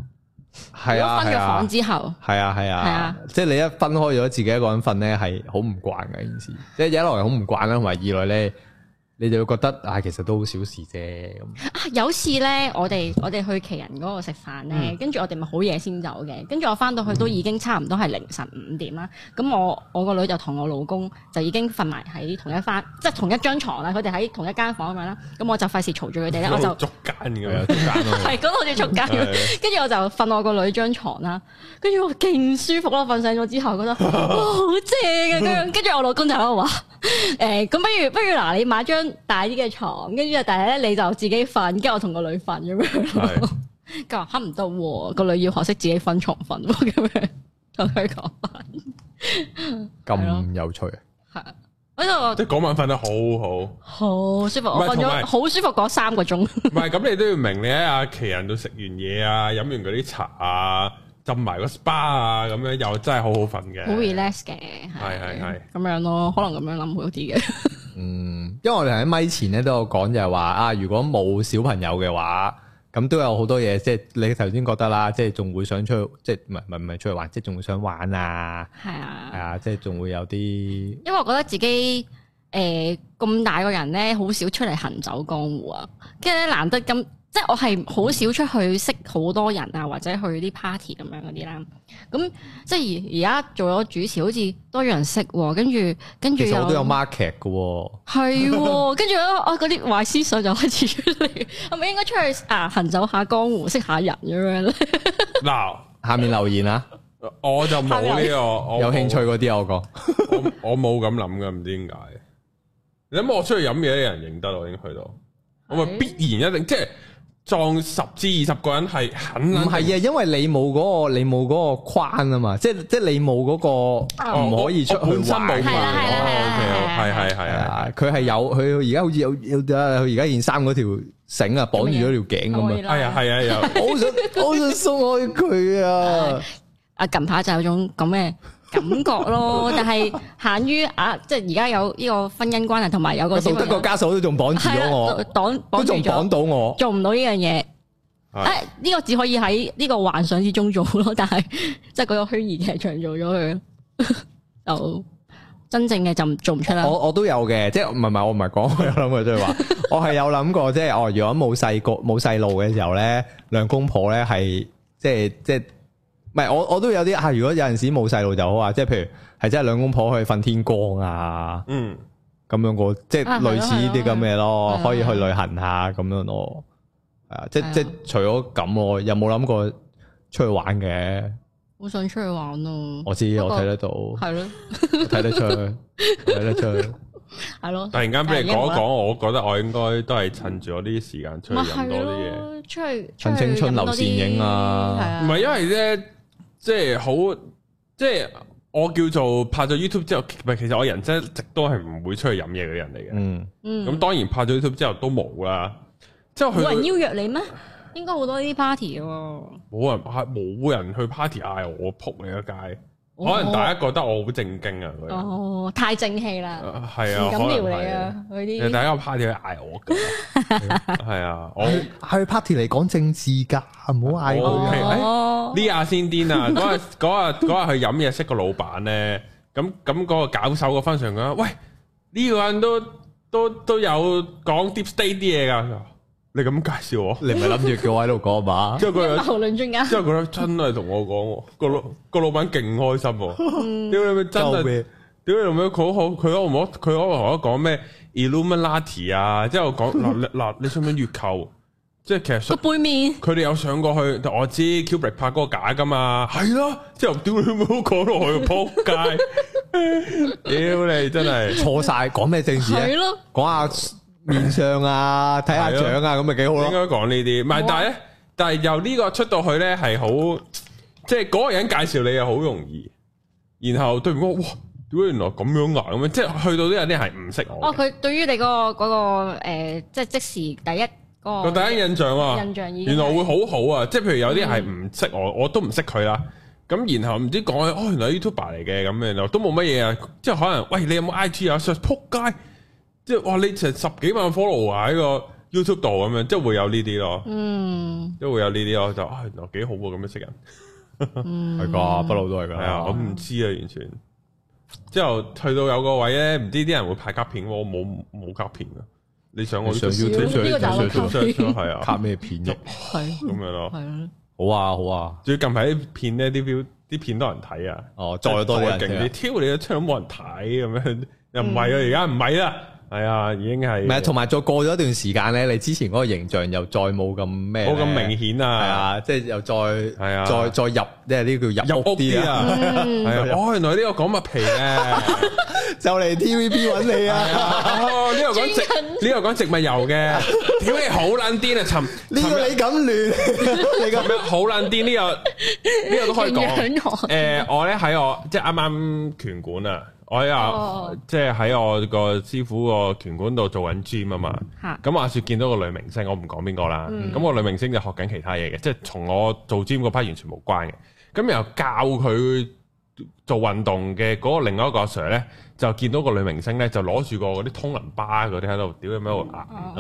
係啊！分咗房之後，係啊係啊，係啊！即係、啊啊啊、你一分開咗自己一個人瞓咧，係好唔慣嘅件事。即係一來好唔慣啦，同埋二來咧。你就會覺得啊，其實都好小事啫咁。啊，有次咧，我哋我哋去奇人嗰度食飯咧，跟住、嗯、我哋咪好夜先走嘅。跟住我翻到去都已經差唔多係凌晨五點啦。咁我我個女就同我老公就已經瞓埋喺同一番，即係同一張牀啦。佢哋喺同一間房咁樣啦。咁我就費事嘈住佢哋咧，我就捉奸㗎，係講得好似捉奸。跟住我就瞓我個女張床啦。跟住我勁舒服咯，瞓醒咗之後覺得好正啊！跟住 (laughs) (laughs) 我老公就喺度話：誒、欸、咁不如不如嗱，你買張大啲嘅床，跟住啊，但係咧你就自己瞓，跟住我同個女瞓咁樣咯。佢話唔得，個女要學識自己分床瞓咁樣，同佢講。咁有趣啊！係，嗰度即係嗰晚瞓得好好，好舒服，我瞓咗好舒服嗰三個鐘。唔係咁，你都要明，你喺阿奇人度食完嘢啊，飲完嗰啲茶啊，浸埋個 spa 啊，咁樣又真係好好瞓嘅，好 relax 嘅，係係係咁樣咯，可能咁樣諗好啲嘅，嗯。因為我哋喺咪前咧都有講，就係話啊，如果冇小朋友嘅話，咁都有好多嘢，即係你頭先覺得啦，即係仲會想出去，即係唔係唔係唔係出去玩，即係仲想玩啊，係啊，係啊，即係仲會有啲。因為我覺得自己誒咁、呃、大個人咧，好少出嚟行走江湖啊，跟住咧難得咁。即係我係好少出去識好多人啊，或者去啲 party 咁樣嗰啲啦。咁即係而而家做咗主持，好似多咗人識。跟住跟住其實我都有 market 嘅、哦的。係， (laughs) 跟住咧，我嗰啲壞思想就開始出嚟。係咪應該出去啊，行走下江湖，識下人咁樣咧？嗱喏，下面留言啦、啊，我就冇呢、這個我沒有，有興趣嗰啲、啊，我講， (laughs) 我冇咁諗噶，唔知點解。你諗我出去飲嘢啲人認得我，我已經去到，是我咪必然一定即係。撞十至二十個人係肯緊，唔係啊，因為你冇嗰、嗰個，你冇嗰個框啊嘛，即係即係你冇嗰個唔可以出去玩，係係係啊，佢係有佢而家好似有有而家件衫嗰條繩啊綁住咗條頸咁樣，係啊係啊有，好想好想鬆開佢啊！ (laughs) 啊近排就有、係、嗰種講咩？感覺咯，但係限於啊，即係而家有呢個婚姻關係,同埋有個德國家嫂都仲綁住咗我，綁都仲綁到我，做唔到呢樣嘢。誒,呢個只可以喺呢個幻想之中做咯,但係即係嗰個虛擬劇場做咗佢，哦，真正嘅，就做唔出啦。我我都有嘅，即係唔係唔係，我唔係講有諗過，即係話我係有諗過,即係哦，如果冇細個冇細路嘅時候咧，兩公婆咧係即係即係。唔係我我都有啲啊！如果有陣時冇細路就好啊，即係譬如係真係兩公婆可以瞓天光啊，嗯，咁樣個即係類似呢啲咁嘅咯，可以去旅行下咁樣咯，啊，即即係除咗咁，有冇諗過出去玩嘅？好想出去玩啊！我知我睇得到，係咯，睇得出，睇得出，係咯。突然間俾你講一講，我覺得我應該都係趁住我啲時間出去飲多啲嘢，出去趁青春留倩影啊！唔係因為啫。即係好，即係我叫做拍咗 YouTube 之後，其實我人真一直都係唔會出去飲嘢嘅人嚟嘅。嗯嗯，咁當然拍咗 YouTube 之後都冇啦。即係冇人邀約你咩？應該好多呢啲 party 噶喎，啊。冇人，冇人去 party 嗌我扑你個街。可能大家覺得我好正經啊，佢哦，人太正氣啦，係啊，時感苗嚟啊，嗰啲敢。大家、啊、第一個 party 嗌我嘅，係 (laughs) 啊，我去， (laughs) 去 party 嚟講政治㗎，唔好嗌我。呢下先癲啊！嗰日嗰日嗰日去飲嘢識個老闆咧，咁咁嗰個搞手個分上講，喂，呢個人都都都，都有講 deep state 啲嘢㗎。你咁介紹我，你唔係諗住叫我喺度講嘛？即係個討論專家，即係佢真係同我講，個老個老闆勁開心、啊。屌、嗯、你咪真，屌命你咪好好，佢可我佢可我講咩 illuminati 啊？之後講嗱嗱，你想唔想月球？即、就、係、是、其實個背面，佢哋有上過去，但我知 Kubrick 拍嗰個假噶嘛？係咯、啊，之後屌你咪講到我扑街，屌 (laughs) 你真係錯晒，講咩政治咧？講下、啊。面相啊，睇下獎啊，咁咪幾好咯。應該講呢啲，唔係但係咧，但係、哦、由呢個出到去咧，係好，即係嗰個人介紹你又好容易。然後對唔住，哇，點解原來咁樣啊？咁樣即係去到啲人啲係唔識我。哦，佢對於你、嗰個嗰、嗰個誒、即、呃、係、即係、即時第一、嗰個。個第一印象啊，印象已經。原來會好好啊！即係譬如有啲係唔識我，嗯、我都唔識佢啦。咁然後唔知講哦，原來 YouTuber 嚟嘅，咁樣都冇乜嘢啊。即係可能，喂，你有冇 IG 啊？撲街。即係哇！你成十幾萬 follow 喺個 YouTube 度咁樣，即係會有呢啲咯。嗯，即係會有呢啲咯，就啊，原來幾好喎！咁樣識人係啩？不嬲都係啊，我唔知啊，完全。之後去到有個位咧，唔知啲人會拍夾片，我冇冇夾片啊。你想我上 YouTube 上上係啊，拍咩片啫？係咁樣咯。係啊，好啊好啊！最近排啲片咧，啲啲片多人睇啊。哦，再多人勁啲，挑你出嚟冇人睇咁樣，又唔係啊？而家唔係啦。係啊，已經係唔係？同埋再過咗一段時間咧，你之前嗰個形象又再冇咁咩？冇咁明顯啊！係啊，即係又再係啊，再再入，即係呢叫入屋啲啊！係啊，哦，原來呢個講物皮咧，就嚟 TVB 揾你啊！呢度講植，呢度講植物油嘅，屌你好撚癲啊？沉沉你咁亂，你個好撚癲呢個？呢個都可以講。誒，我咧喺我即係啱啱拳館啊。我又、哦、即係喺我個師傅個拳館度做緊 gym 啊嘛，咁話說見到個女明星，我唔講邊個啦，咁、嗯嗯、個女明星就學緊其他嘢嘅，即係同我做 gym 嗰批完全冇關嘅，咁又教佢做運動嘅嗰個另外一個阿 Sir 咧，就見到個女明星咧就攞住個啲通淋巴嗰啲喺度屌咁喺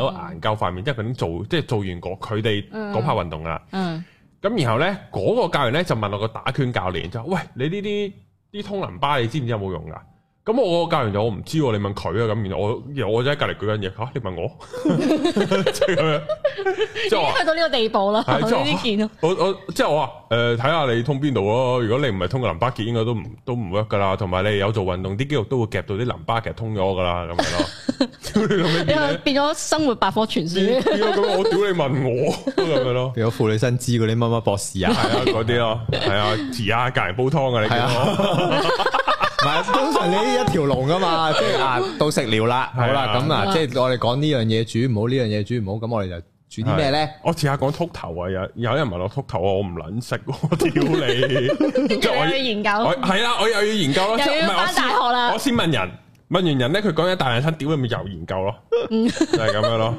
度研究塊面，即係佢哋做即係做完嗰佢哋嗰批運動啦，咁、嗯嗯嗯、然後咧嗰、那個教員咧就問我個打拳教練就話：喂你呢啲啲通淋巴你知唔知有冇用㗎？咁我教完就我唔知你問佢啊。咁然後我我就喺隔籬舉緊嘢，吓，你問我，即係咁樣，即係去到呢個地步啦。我我即係我話誒，睇下你通邊度咯。如果你唔係通過淋巴結，應該都唔都唔 work 噶啦。同埋你有做運動，啲肌肉都會夾到啲淋巴結通咗噶啦，咁樣咯。變咗生活百科全書。咁我屌你問我咁樣咯。有婦女身知嗰啲乜乜博士啊，係啊嗰啲咯，係啊遲下隔籬煲湯啊，你。係， (laughs) 通常你一條龍噶嘛，即係啊，到食料啦， (laughs) 好啦，咁、嗯、啊、 (music) 嗯，即係我哋講呢樣嘢煮唔好，呢樣嘢煮唔好，咁我哋就煮啲咩咧？我似下講禿頭啊，有人 (laughs) 有人問落禿頭啊，我唔撚食，我屌你，我要研究，係啦，我又要研究咯，又要翻大學啦，我先問人。問完人咧，佢講一大兩餐，屌你咪又研究咯，就係咁樣咯，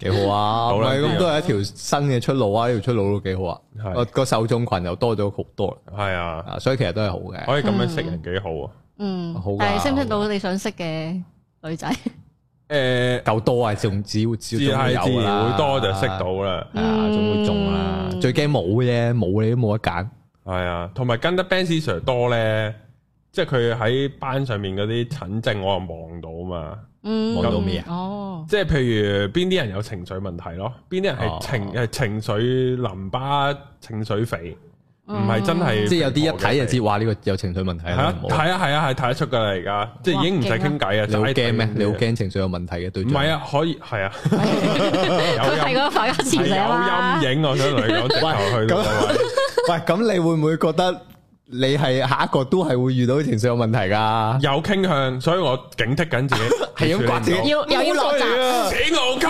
幾好啊，唔係咁都係一條新嘅出路啊，呢條出路都幾好啊，個受眾群又多咗好多，係啊，所以其實都係好嘅，可以咁樣識人幾好啊，嗯，好，係識唔識到你想識嘅女仔？誒，夠多啊，仲只要只要係有啦，多就識到啦，啊，總會中啦，最驚冇嘅，冇你都冇得揀，係啊，同埋跟得 Benz Sir 多咧。即係佢喺班上面嗰啲診症，我又望到嘛，望到咩啊？哦，即係譬如邊啲人有情緒問題咯，邊啲人係情係情緒淋巴、情緒肥，唔係真係，即係有啲一睇就知話呢個有情緒問題。係啊，係啊，係啊，係睇得出噶啦，而家即係已經唔使傾偈啊，就驚咩？你好驚情緒有問題嘅對唔係啊？可以係啊，有陰影我想同你講直頭去，喂，咁你會唔會覺得？你係下一個都係會遇到啲情緒有問題噶，有傾向，所以我警惕緊自己，係要刮住，要又要落閘，死我鳩，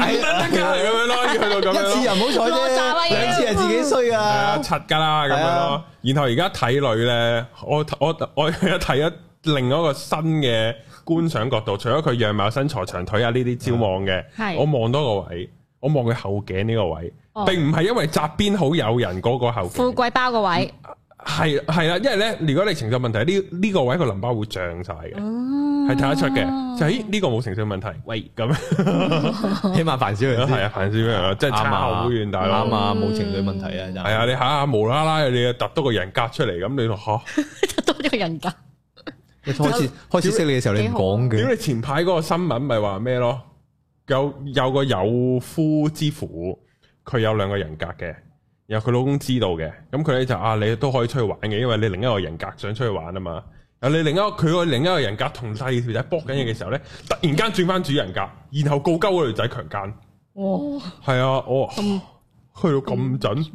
係咁樣嚟咁樣咯，去到咁樣，一次又唔好彩啫，兩次係自己衰噶，係啊，七噶啦咁樣咯。然後而家睇女咧，我我我有睇咗另外一個新嘅觀賞角度，除咗佢樣貌、身材、長腿啊呢啲焦望嘅，係我望多個位，我望佢後頸呢個位，並唔係因為側邊好誘人嗰個後，富貴包個位。係係啦，因為咧，如果你情緒問題，呢、這、呢個位個淋巴會脹晒嘅，係睇得出嘅。就是、咦呢、這個冇情緒問題，喂咁，樣嗯、起碼煩少人，係啊，煩少人啊，真係差好遠大佬，啱啊、嗯，冇情緒問題啊，係啊，你下下無啦啦，你又突多個人格出嚟，咁你話吓，就多咗個人格。開始開始識你嘅時候，你唔講嘅。如果你前排嗰個新聞咪話咩咯？有有，有個有夫之婦，佢有兩個人格嘅。然後佢老公知道嘅，咁佢咧就啊，你都可以出去玩嘅，因為你另一個人格想出去玩啊嘛。然後你另一佢個另一個人格同細條仔搏緊嘢嘅時候咧，突然間轉翻主人格，然後告鳩嗰女仔強奸哦、啊。哦，係啊、嗯，我。去到咁準，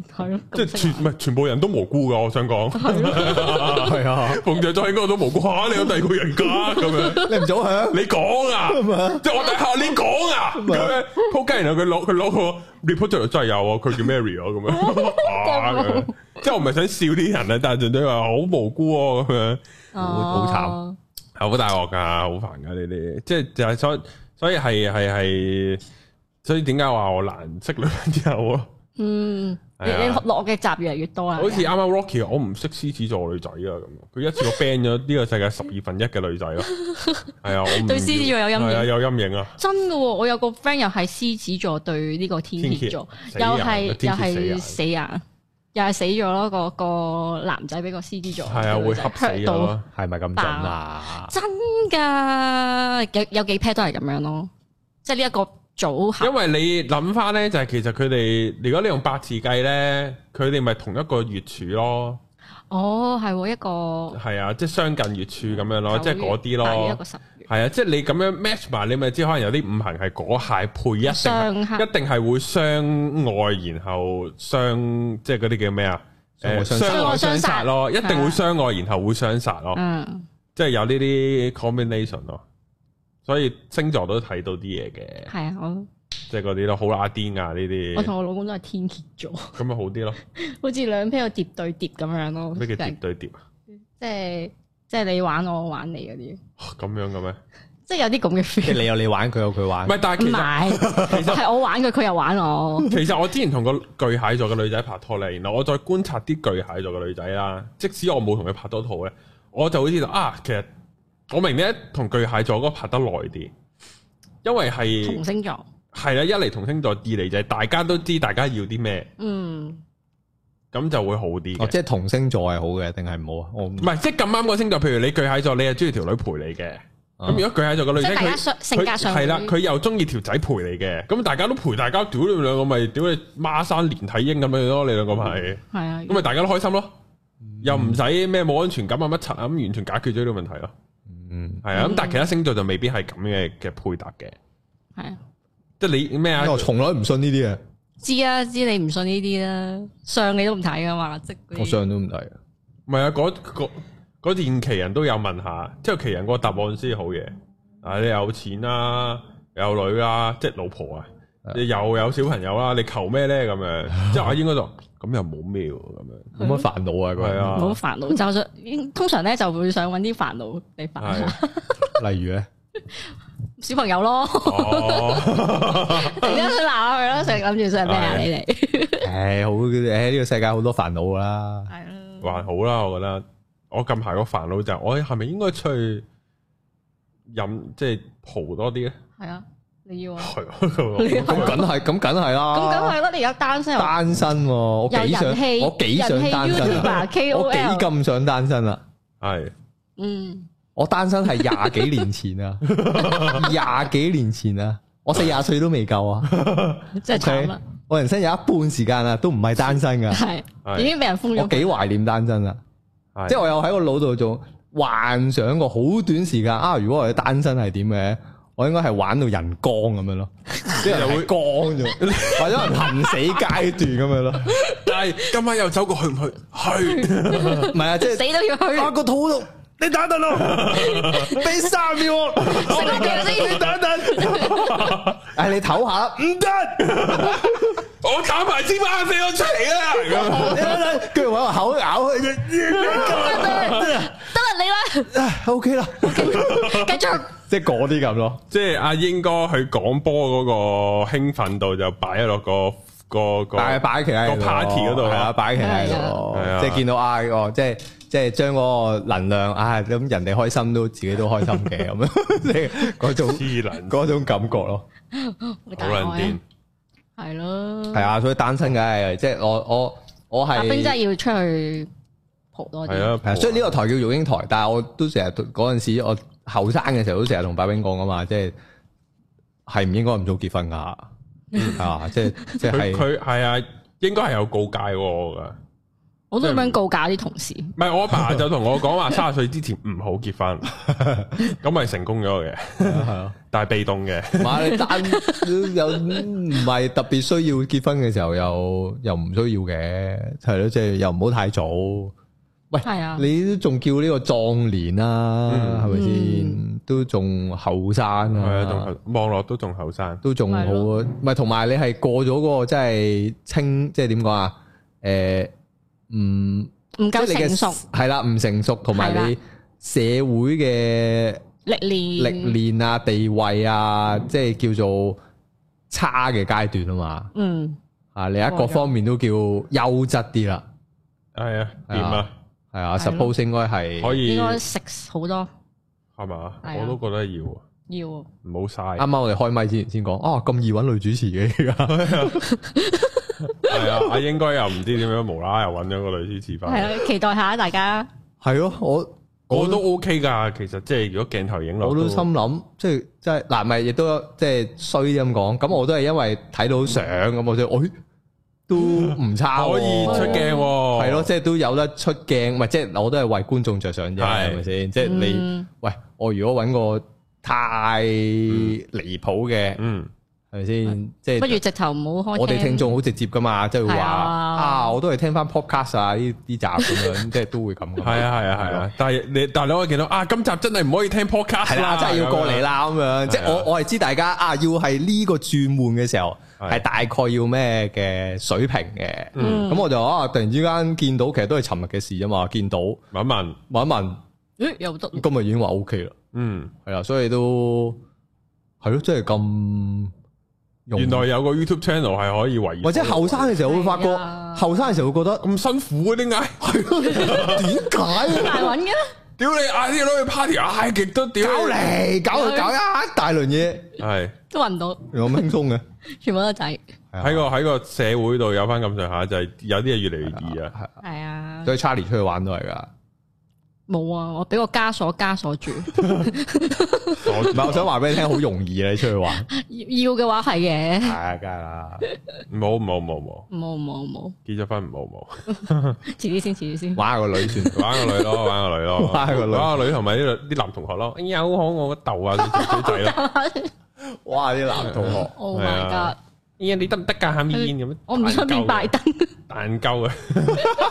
即係全唔係全部人都無辜噶。我想講係啊，馮正忠應該都無辜吓。你有第二個人噶咁樣，你唔早係啊？你講啊，即係我等下你講啊。仆街然後佢攞佢攞個 reporter 真係有，佢叫 Mary 咁樣。即係我唔係想笑啲人啊，但係純粹話好無辜咁樣，好慘，好大鑊噶，好煩噶呢啲，即係就係所所以係係係，所以點解話我難識女朋友啊？嗯，你你落嘅集越嚟越多啊。好似啱啱 Rocky，我唔識獅子座女仔啊，咁佢一次過 ban 咗呢個世界十二分一嘅女仔咯。係啊，我對獅子座有陰影，啊？有陰影啊。真㗎，我有個 friend 又係獅子座，對呢個天蠍座又係又係死啊，又係死咗咯。個個男仔俾個獅子座係啊，會恰死啊。係咪咁準啊？真㗎，有有幾 pair 都係咁樣咯，即係呢一個組合，早因為你諗翻咧，就係、是、其實佢哋，如果你用八字計咧，佢哋咪同一個月柱咯。哦，係喎，一個。係啊，即係相近月柱咁樣月咯，即係嗰啲咯。一個十月。係啊，即係你咁樣 match 埋，你咪知可能有啲五行係嗰鞋配一，定，一定係黑會相愛，然後相即係嗰啲叫咩啊？黑相愛相殺咯，一定會相愛，然後會相殺咯。的的嗯。即係有呢啲 combination 咯。所以星座都睇到啲嘢嘅，係啊，我，即係嗰啲咯，好阿癲啊呢啲。我同我老公都係天蠍座，咁咪 (laughs) 好啲咯， (laughs) 好似兩 pair 疊對疊咁樣咯。咩叫疊對疊？即係即係你玩我，我玩你嗰啲。咁 (laughs) 樣嘅咩？即係有啲咁嘅 feel 即係你有你玩，佢有佢玩。唔係，但係其實係，其實係我玩佢，佢又玩我。其實我之前同個巨蟹座嘅女仔拍拖嚟，原來我再觀察啲巨蟹座嘅女仔啦，即使我冇同佢拍多套咧，我就會知道啊，其實。我明咧，同巨蟹座嗰拍得耐啲，因為係。同星座係啦，一嚟，同星座，二嚟就係大家都知，大家要啲咩，嗯，咁就會好啲。哦，即係同星座係好嘅，定係唔好啊？我唔係，即係咁啱個星座。譬如你巨蟹座，你係中意條女陪你嘅，咁、哦、如果巨蟹座個女仔，佢性格上，係啦，佢又中意條仔陪你嘅，咁大家都陪，大家屌、嗯、你兩個咪屌你孖生連體嬰咁樣咯，你兩個拍嘅，係啊、嗯，咁咪大家都開心咯，又唔使咩冇安全感啊乜柒啊，咁完全解決咗呢個問題咯。嗯，係啊，咁但係其他星座就未必係咁嘅嘅配搭嘅，係啊，即係你咩啊？我從來唔信呢啲嘅，知啊，知你唔信呢啲啦，相你都唔睇噶嘛，即、就是、我相都唔睇，唔係啊，嗰、嗰個奇、嗰個嗰個、人都有問下，即係奇人個答案先好嘢，啊，你有錢啦、啊，有女啊？即係老婆啊。又有小朋友啦，你求咩咧咁樣？即係我應該就咁又冇咩喎，咁樣冇乜煩惱啊，佢冇乜煩惱，就想通常咧就會想揾啲煩惱嚟煩下。例如咧，小朋友咯，點解、哦、 (laughs) 想鬧佢啦？成日諗住想咩啊？的你哋們誒、哎，好誒，呢、哎這個世界好多煩惱噶啦，係咯的，還好啦，我覺得我近排個煩惱就我係咪應該出去飲即係蒲多啲咧？係啊。你要啊？咁梗係，咁梗係啦。咁梗係啦，你而家單身？單身，我幾想，我幾想單身啊！我幾咁想單身啊！係，嗯，我單身係廿幾年前啊，廿幾年前啊，我四廿歲都未夠啊。即係咁我人生有一半時間啊，都唔係單身噶。係，已經俾人封咗。我幾懷念單身啊！即係我又喺個腦度仲幻想過，好短時間啊！如果我哋單身係點嘅？我應該係玩到人光咁樣咯，即人會就會光咗， (laughs) 或者係行死階段咁樣咯。 (laughs) 但係今晚又走過去唔去？去，唔 (laughs) 係啊，即、就、係、是、死都要去。我個、啊、肚度，你打一打咯，俾三秒，食多幾粒先， (laughs) 你打一打。 (laughs) 哎，你唞下，唔得。 (laughs) 我打埋支花飛咗出嚟啦，跟住搵個口咬佢啫。咁啊得，得啦你啦，啊 OK 啦，繼續即係嗰啲咁咯，即係阿英哥佢廣播嗰個興奮度就擺喺落個個個擺，擺喺個 party 嗰度係啊，擺喺度，即係見到啊，即係即係將嗰個能量啊咁，人哋開心都自己都開心嘅，咁樣嗰種嗰種感覺咯，好撚癲。係咯，係啊，所以單身嘅，即、就、係、是、我我我係。阿、啊、兵真係要出去蒲多啲。係啊，所以呢個台叫育鷹台，但係我都成日嗰陣時，我後生嘅時候都成日同白兵講噶嘛，即係係唔應該唔早結婚噶，啊， (laughs) 即係即係佢佢係啊，應該係有告誡噶。我都咁樣告假啲同事，唔係我阿爸就同我講話，三十歲之前唔好結婚，咁咪成功咗嘅，但係被動嘅，買單又唔係特別需要結婚嘅時候，又又唔需要嘅，係咯，即係又唔好太早。喂，係啊，你都仲叫呢個壯年啊，係咪先？都仲後生啊，係啊，仲後望落都仲後生，都仲好，唔係同埋你係過咗個即係清，即係點講啊？誒。唔唔夠成熟係啦，唔成熟，同埋你社會嘅歷練歷練啊、地位啊，即係叫做差嘅階段啊嘛。嗯啊，另一個方面都叫優質啲啦。係、嗯、吧啊，係啊？係啊，suppose 應該係可以應該食好多。係咪，我都覺得要，啊、要唔好嘥。啱啱我哋開咪先先講，哦、啊，咁易揾女主持嘅 (laughs) (laughs) 係啊，我、 (laughs) 哎、應該又唔知點樣，無啦啦又揾咗個女主持返。係啊，期待下大家。係咯、啊，我我，我都 OK 噶其實即係如果鏡頭影落，我都心諗，即係即係嗱，咪亦都即係衰咁講。咁 or 我都係因為睇到相咁，我就誒、哎、都唔差，啊， (laughs) 可以出鏡，啊。係咯唉，即係、啊、都有得出鏡，咪即係我都係為觀眾着想啫，係咪先？即係、就是、你、嗯、喂，我如果揾個太離譜嘅，嗯。嗯係咪先？即係不如直頭唔好開。我哋聽眾好直接噶嘛，即係會話啊，我都係聽翻 podcast 啊，呢呢集咁樣，即係都會咁。係啊，係啊，係啊。但係你但係你可以見到啊，今集真係唔可以聽 podcast 係啦，真係要過嚟啦咁樣。即係我我係知大家啊，要係呢個轉換嘅時候係大概要咩嘅水平嘅。咁我就啊，突然之間見到，其實都係尋日嘅事啊嘛。見到問一問，問一問，誒，又得今日已經話 OK 啦。嗯，係啊，所以都係咯，真係咁。原來有個 YouTube channel 係可以維，或者後生嘅時候會發覺，後生嘅時候會覺得咁辛苦嘅點解？係，點解啊？大玩嘅，屌你，嗌啲攞去 party，嗌極都屌，搞嚟搞去，搞一大輪嘢，係都揾唔到，又咁輕鬆嘅，全部都仔。喺個喺個社會度有翻咁上下，就係有啲嘢越嚟越易啊，係啊，所以 Charlie 出去玩都係噶。冇啊！我俾個枷鎖，枷鎖住。唔係，我想話俾你聽，好容易啊。你出去玩。要嘅話係嘅。係啊，梗係啦。冇冇冇冇冇冇冇。結咗婚唔好冇。遲啲先，遲啲先。玩個女先，玩個女咯，玩個女咯。玩個女，玩個女同埋啲啲男同學咯。哎呀，好可愛個豆啊，女仔咯。哇！啲男同學。Oh my god！依家你得唔得架喊煙煙咁？我唔出面拜登，彈鳩啊！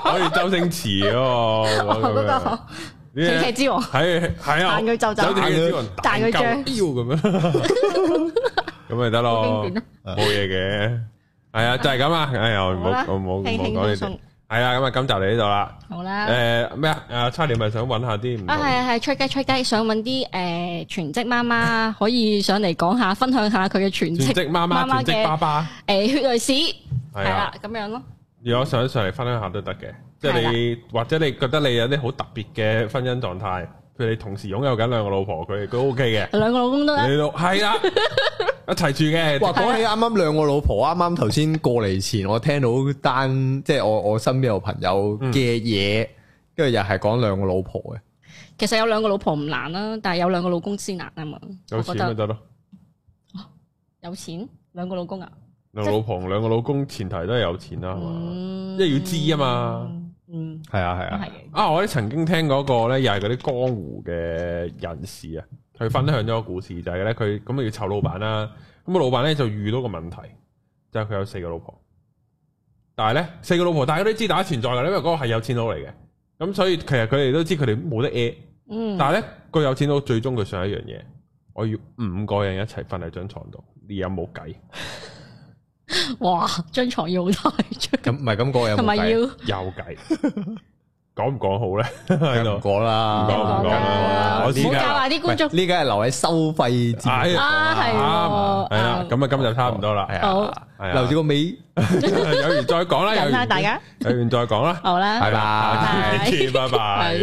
我哋周星馳嗰個，我都得。喜劇之王係係啊，扮佢就就，喜劇之王打佢張表咁樣，咁咪得咯。冇嘢嘅，係啊，就係咁啊。哎呀，我我冇唔該你哋。係啦，咁啊，咁就嚟呢度啦。好啦，誒咩啊？阿差田咪想揾下啲。啊係啊係，吹雞吹雞，想揾啲誒全職媽媽，可以上嚟講下，分享下佢嘅全職媽媽嘅。全職媽媽，全職爸爸。誒，血淚史係啦，咁樣咯。如果想上嚟分享下都得嘅，即係你或者你覺得你有啲好特別嘅婚姻狀態，譬如你同時擁有緊兩個老婆，佢佢 OK 嘅。兩個老公都。你都係啦。一齊住嘅。話講起啱啱兩個老婆，啱啱頭先過嚟前，我聽到單，即係我我身邊有朋友嘅嘢，跟住又係講兩個老婆嘅。其實有兩個老婆唔難啦，但係有兩個老公先難啊嘛。有錢咪得咯。有錢兩個老公啊？兩個老婆兩個老公，前提都係有錢啦，係嘛？即係要知啊嘛。嗯，係啊係啊。啊，我都曾經聽過一個咧，又係嗰啲江湖嘅人士啊。佢分享咗個故事，就係咧佢咁啊要湊老闆啦、啊，咁啊老闆咧就遇到個問題，就係、是、佢有四個老婆，但係咧四個老婆大家都知大家存在噶，因為嗰個係有錢佬嚟嘅，咁所以其實佢哋都知佢哋冇得噏，嗯、但係咧個有錢佬最終佢想一樣嘢，我要五個人一齊瞓喺張床度，你有冇計。哇！張床要好大張，咁唔係咁個有同埋要有計。 (laughs) 講唔講好咧？講啦，唔講唔講啦。我教下啲觀眾。呢家係留喺收費節目啊，係啊。咁啊，今日差唔多啦。好，留住個尾，有緣再講啦。有緣大家，有緣再講啦。好啦，係啦，再見，拜拜。